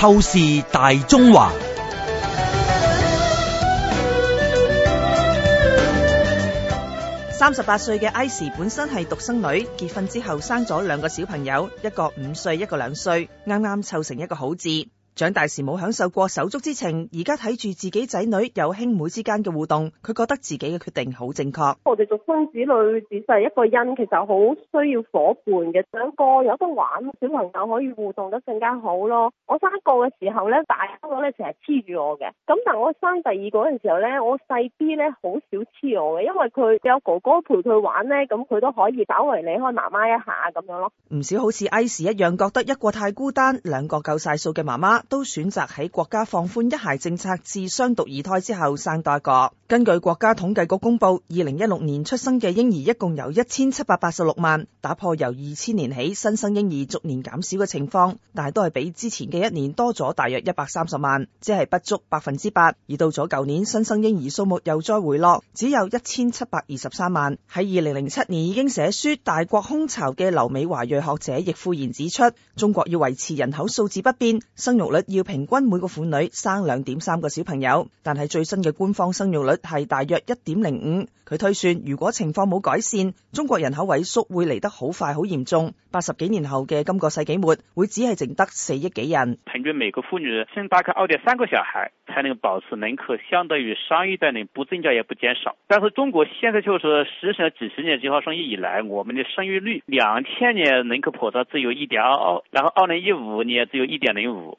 透視大中華。三十八歲嘅 Ice 本身係獨生女，結婚之後生咗兩個小朋友，一個五歲，一個兩歲，啱啱湊成一個好字。長大時冇享受過手足之情，而家睇住自己仔女有兄妹之間嘅互動，佢覺得自己嘅決定好正確。我哋獨生子女只係一個人，其實好需要夥伴嘅，兩個有得玩，小朋友可以互動得更加好咯。我生一個嘅時候咧，大哥咧成日黐住我嘅，咁但我生第二個嘅時候咧，我細啲咧好少黐我嘅，因為佢有哥哥陪佢玩咧，咁佢都可以稍為離開媽媽一下咁樣咯。唔少好似 Ice 一樣，覺得一個太孤單，兩個夠晒數嘅媽媽都選擇喺國家放寬一孩政策至雙獨二胎之後生多一個。根據國家統計局公布，二零一六年出生嘅嬰兒一共有一千七百八十六萬，打破由二千年起新生嬰兒逐年減少嘅情況，但係都係比之前嘅一年多咗大約一百三十萬，即係不足百分之八。而到咗舊年，新生嬰兒數目又再回落，只有一千七百二十三萬。喺二零零七年已經寫書《大國空巢》嘅旅美華裔學者易富賢指出，中國要維持人口數字不變，生育。率要平均每個婦女生兩點三個小朋友，但係最新嘅官方生育率係大約一點零五。佢推算如果情況冇改善，中國人口萎縮會嚟得好快、好嚴重。八十幾年後嘅今個世紀末會只係剩得四億幾人。平均每個婦女生大概二點三個小孩，才能保持人口相對於上一代人不增加也不減少。但是中國現在就是實行幾十年計劃生育以來，我們的生育率，兩千年人口普查只有一點二，然後二零一五年只有一點零五。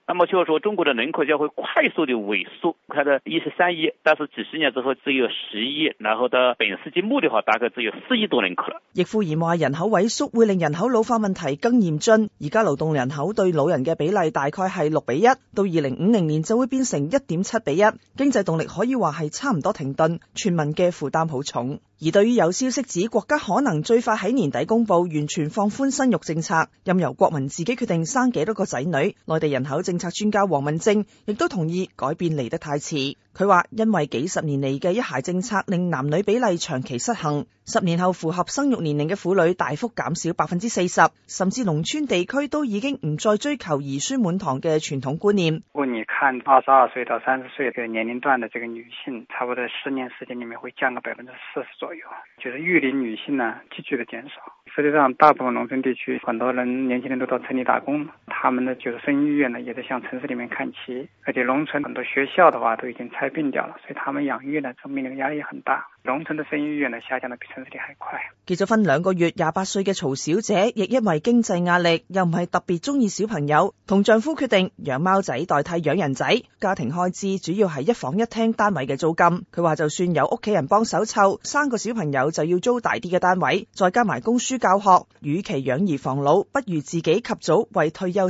那麼就說中國的人口將會快速的萎縮，開到一十三億，但是幾十年之後只有十億，然後到本世紀末的話，大概只有四億多人口。易富賢話人口萎縮會令人口老化問題更嚴峻，而家勞動人口對老人嘅比例大概係六比一，到二零五零年就會變成一點七比一，經濟動力可以話係差唔多停頓，全民嘅負擔好重。而對於有消息指國家可能最快喺年底公布完全放寬生育政策，任由國民自己決定生幾多個仔女，內地人口正策專家黃文政亦都同意改變嚟得太遲。佢話因為幾十年嚟嘅一孩政策令男女比例長期失衡，十年後符合生育年齡嘅婦女大幅減少百分之四十，甚至農村地區都已經唔再追求兒孫滿堂嘅傳統觀念。不過你看，二十二歲到三十歲嘅年齡段的這個女性，差不多十年時間裏面會降到百分之四十左右，就是育齡女性呢急劇的減少。實際上，大部分農村地區，很多人年輕人都到城裏打工。他們的就是生育意願呢，也在向城市裏面看齊，而且農村很多學校的話都已經拆併掉了，所以他們養育呢，就面臨壓力很大。農村的生育意願呢，下降得比城市裏還快。結咗婚兩個月，廿八歲嘅曹小姐亦因為經濟壓力，又唔係特別中意小朋友，同丈夫決定養貓仔代替養人仔。家庭開支主要係一房一廳單位嘅租金。佢話就算有屋企人幫手湊，生個小朋友就要租大啲嘅單位，再加埋供書教學，與其養兒防老，不如自己及早為退休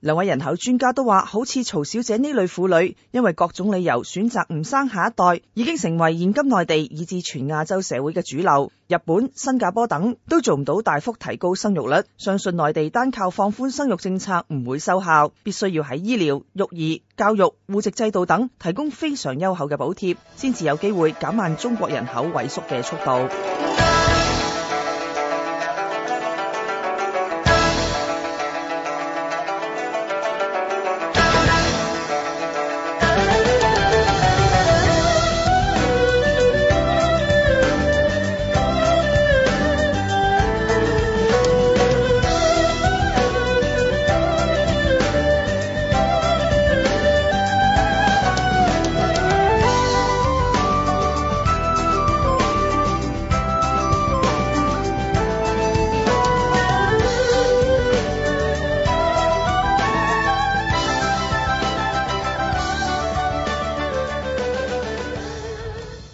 兩位人口專家都話，好似曹小姐呢類婦女，因為各種理由選擇唔生下一代，已經成為現今內地以至全亞洲社會嘅主流。日本、新加坡等都做唔到大幅提高生育率，相信內地單靠放寬生育政策唔會收效，必須要喺醫療、育兒、教育、戶籍制度等提供非常優厚嘅補貼，先至有機會減慢中國人口萎縮嘅速度。